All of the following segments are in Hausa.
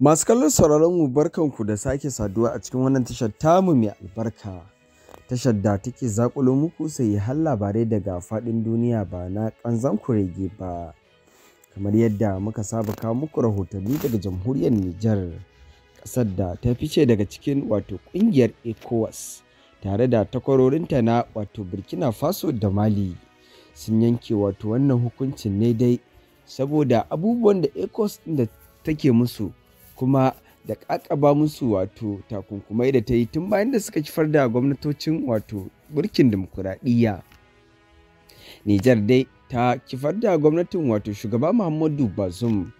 Masu kallon sauraron mu barkanku da sake saduwa a cikin wannan tashar tamu mai albarka. Tashar da take zakulo muku sai har labarai daga faɗin duniya ba na ku kurege ba. Kamar yadda muka saba kawo muku rahotanni daga jamhuriyar Nijar, ƙasar da ta fice daga cikin wato ƙungiyar ECOWAS tare da takwarorinta na wato Burkina Faso da Mali. Sun yanke wato wannan hukuncin ne dai saboda abubuwan da ECOWAS da take musu kuma da ƙaƙaba musu wato takunkumai da ta yi tun bayan da suka kifar da gwamnatocin wato burkin dimokuraɗiyya. Nijar dai ta kifar da gwamnatin wato shugaba Muhammadu Bazoum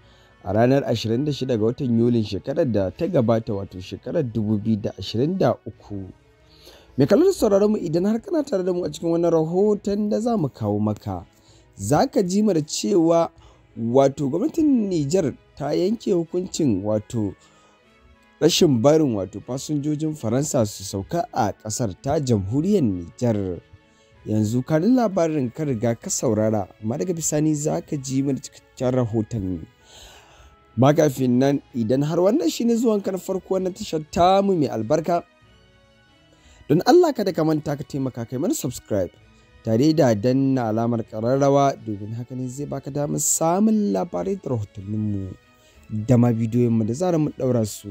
a ranar 26 ga watan Yulin shekarar da ta gabata wato shekarar 2023. Mai kallon sauraron mu idan har kana tare da mu a cikin wani rahoton da za mu kawo maka, za ka ji mara cewa wato gwamnatin Nijar ta yanke hukuncin wato rashin barin wato fasinjojin Faransa su sauka a kasar ta jamhuriyar Nijar. Yanzu kanin labarin ka riga ka saurara, amma daga bisani za ka ji mana cikakken rahoton. Ba kafin nan idan har wannan shine zuwan kan farko na tashar tamu mai albarka. Don Allah kada ka manta ka taimaka kai mana subscribe. tare da danna alamar ƙararrawa domin haka ne zai baka damar samun labarai da rahotanninmu da ma bidiyoyinmu da zara mu ɗaura su.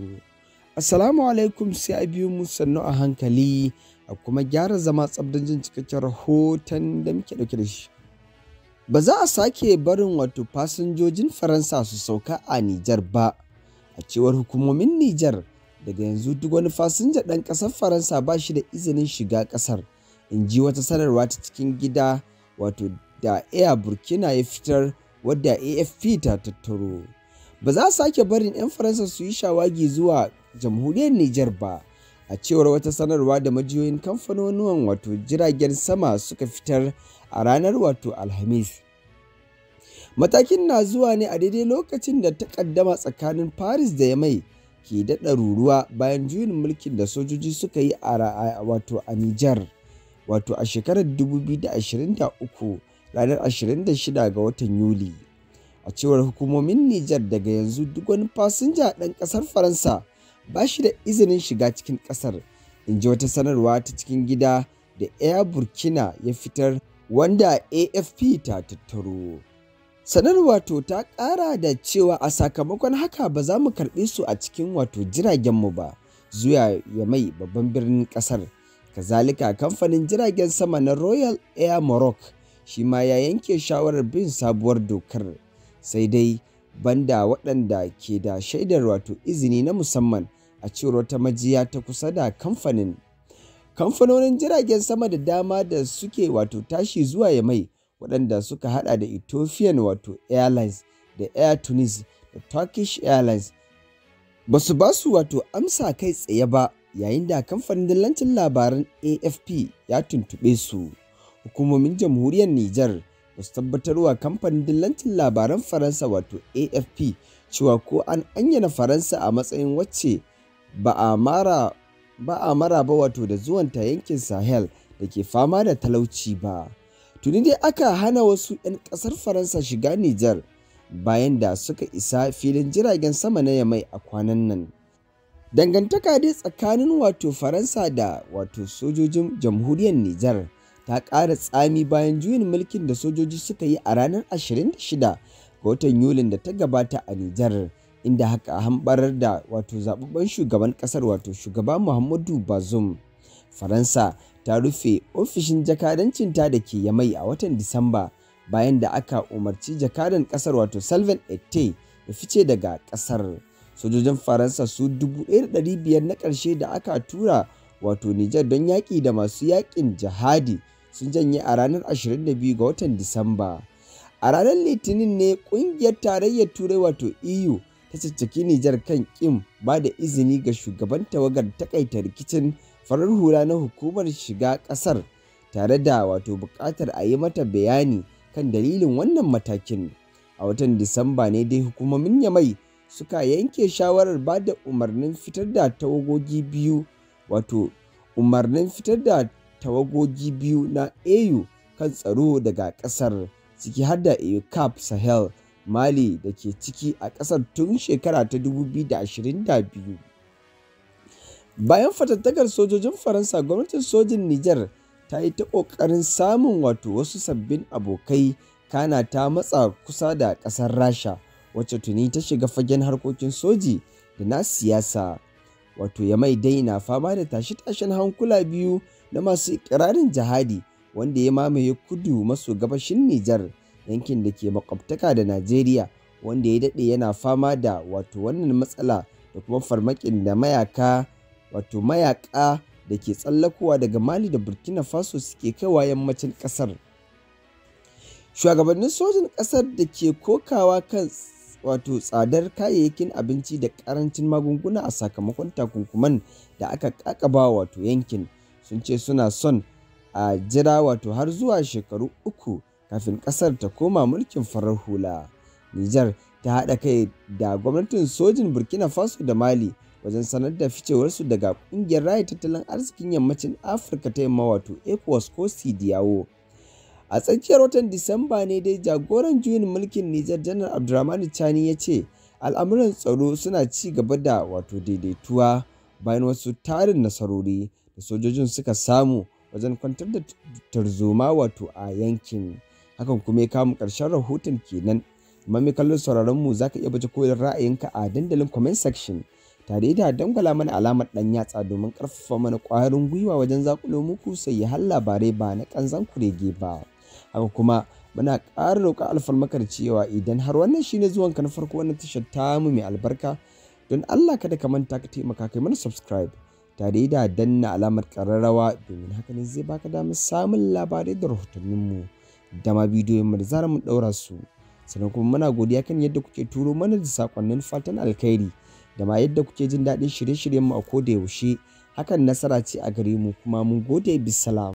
Assalamu alaikum sai a biyo mu sannu a hankali a kuma gyara zama tsabdan jin cikakken rahoton da muke ɗauke da shi. Ba za a sake barin wato fasinjojin Faransa su sauka a Nijar ba, a cewar hukumomin Nijar daga yanzu duk wani fasinja ɗan ƙasar Faransa ba shi da izinin shiga ƙasar. in ji wata sanarwa ta cikin gida wato da air burkina ya fitar wadda afp ta tattaro ba za su sake barin 'yan faransa su yi shawagi zuwa jamhuriyar niger ba a cewar wata sanarwa da majiyoyin kamfanonuwan wato jiragen sama suka fitar a ranar wato alhamis matakin na zuwa ne a daidai lokacin da ta kaddama tsakanin paris da ya mai ke daɗa ruruwa bayan juyin mulkin da sojoji suka yi a wato a niger wato a shekarar 2023 ranar 26 ga watan Yuli. A cewar hukumomin Nijar daga yanzu duk wani fasinja ɗan ƙasar Faransa ba shi da izinin shiga cikin ƙasar, in ji wata sanarwa ta cikin gida da Air Burkina ya fitar wanda AFP ta tattaro. Sanar wato ta ƙara da cewa a sakamakon haka ba za mu karɓi su a cikin wato jiragenmu ba zuwa ya mai babban birnin ƙasar kazalika kamfanin jiragen sama na royal air morocco shi ma ya yanke shawarar bin sabuwar dokar sai dai banda waɗanda ke da shaidar wato izini na musamman a cewar wata majiya ta kusa da kamfanin kamfanonin jiragen sama da dama da suke wato tashi zuwa ya mai waɗanda suka hada da ethiopian wato airlines da air tunis da turkish airlines ba su wato amsa kai tsaye ba yayin da kamfanin dillancin labaran AFP ya tuntuɓe su. Hukumomin jamhuriyar Nijar masu su tabbatarwa kamfanin dillancin labaran Faransa wato AFP cewa ko an anyana Faransa a matsayin wacce ba a mara ba wato da zuwanta yankin Sahel da ke fama da talauci ba. Tuni dai aka hana wasu 'yan kasar Faransa shiga Nijar bayan da suka isa filin jiragen sama na Yamai a kwanan nan. dangantaka dai tsakanin wato faransa da wato sojojin jamhuriyar nijar ta ƙara tsami bayan juyin mulkin da sojoji suka yi a ranar 26 ga watan yulin da ta gabata a nijar inda haka hambarar da wato zababben shugaban kasar wato shugaba muhammadu Bazum. faransa ta rufe ofishin jakadancinta da ke yamai a watan disamba bayan da aka umarci jakadan kasar wato salvin ette ya fice daga kasar sojojin faransa su 1,500 na ƙarshe da aka tura wato nijar don yaƙi da masu yaƙin jihadi sun janye a ranar 22 ga watan disamba a ranar litinin ne ƙungiyar tarayyar turai wato eu ta caccaki nijar kan ƙin ba da izini ga shugaban tawagar takaita rikicin farar hula na hukumar shiga ƙasar tare da wato buƙatar a yi mata bayani kan dalilin wannan matakin a watan disamba ne dai hukumomin yamai suka yanke shawarar ba da umarnin fitar da tawagogi biyu wato umarnin fitar da tawagogi biyu na AU kan tsaro daga ƙasar ciki har da Cap Sahel Mali da ke ciki a ƙasar tun shekara ta 2022. Bayan fatattakar sojojin Faransa gwamnatin sojin Nijar ta yi ta ƙoƙarin samun wato wasu sabbin abokai kana ta matsa kusa da ƙasar Rasha wacce tuni ta shiga fagen harkokin soji da na siyasa wato ya mai daina fama da tashe-tashen hankula biyu na masu ikirarin jihadi wanda ya mamaye kudu maso gabashin Nijar yankin da ke makwabtaka da Najeriya wanda ya daɗe yana fama da wato wannan matsala da kuma farmakin da mayaka wato mayaka da ke tsallakowa daga Mali da Burkina Faso suke kaiwa yammacin ƙasar. Shugabannin sojin ƙasar da ke kokawa kan wato tsadar kayayyakin abinci da ƙarancin magunguna a sakamakon takunkuman da aka ƙaƙaba wato yankin sun ce suna son a jira wato har zuwa shekaru uku kafin ƙasar ta koma mulkin farar hula. Nijar ta haɗa kai da gwamnatin sojin Burkina Faso da Mali wajen sanar da ficewarsu daga ƙungiyar raya tattalin arzikin yammacin Afirka ta yamma wato ECOWAS ko CDAO. A tsakiyar watan Disamba ne dai jagoran juyin mulkin Nijar Janar Abdurrahmanu Chani ya ce al'amuran tsaro suna ci gaba da wato daidaituwa bayan wasu tarin nasarori da sojojin suka samu wajen kwantar da tarzoma wato a yankin. Hakan kuma ya kama ƙarshen rahoton kenan. Amma mai kallon sauraron mu zaka iya baje koyar ra'ayinka a dandalin comment section tare da dangwala mana alamar dan yatsa domin karfafa mana ƙwarin gwiwa wajen zakulo muku sai ya har labarai ba na kanzan kurege ba. haka kuma muna ƙara roƙa alfarmakar cewa idan har wannan shine zuwanka na farko wannan tashar ta mu mai albarka don Allah kada ka manta ka taimaka kai mana subscribe tare da danna alamar ƙararrawa domin haka ne zai baka damar samun labarai da rahotannin mu da ma bidiyoyin mu da zarar mun ɗaura su sannan kuma muna godiya kan yadda kuke turo mana da sakonnin fatan alkhairi da ma yadda kuke jin daɗin shirye shiryen mu a koda yaushe hakan nasara ce a gare mu kuma mun gode bisalam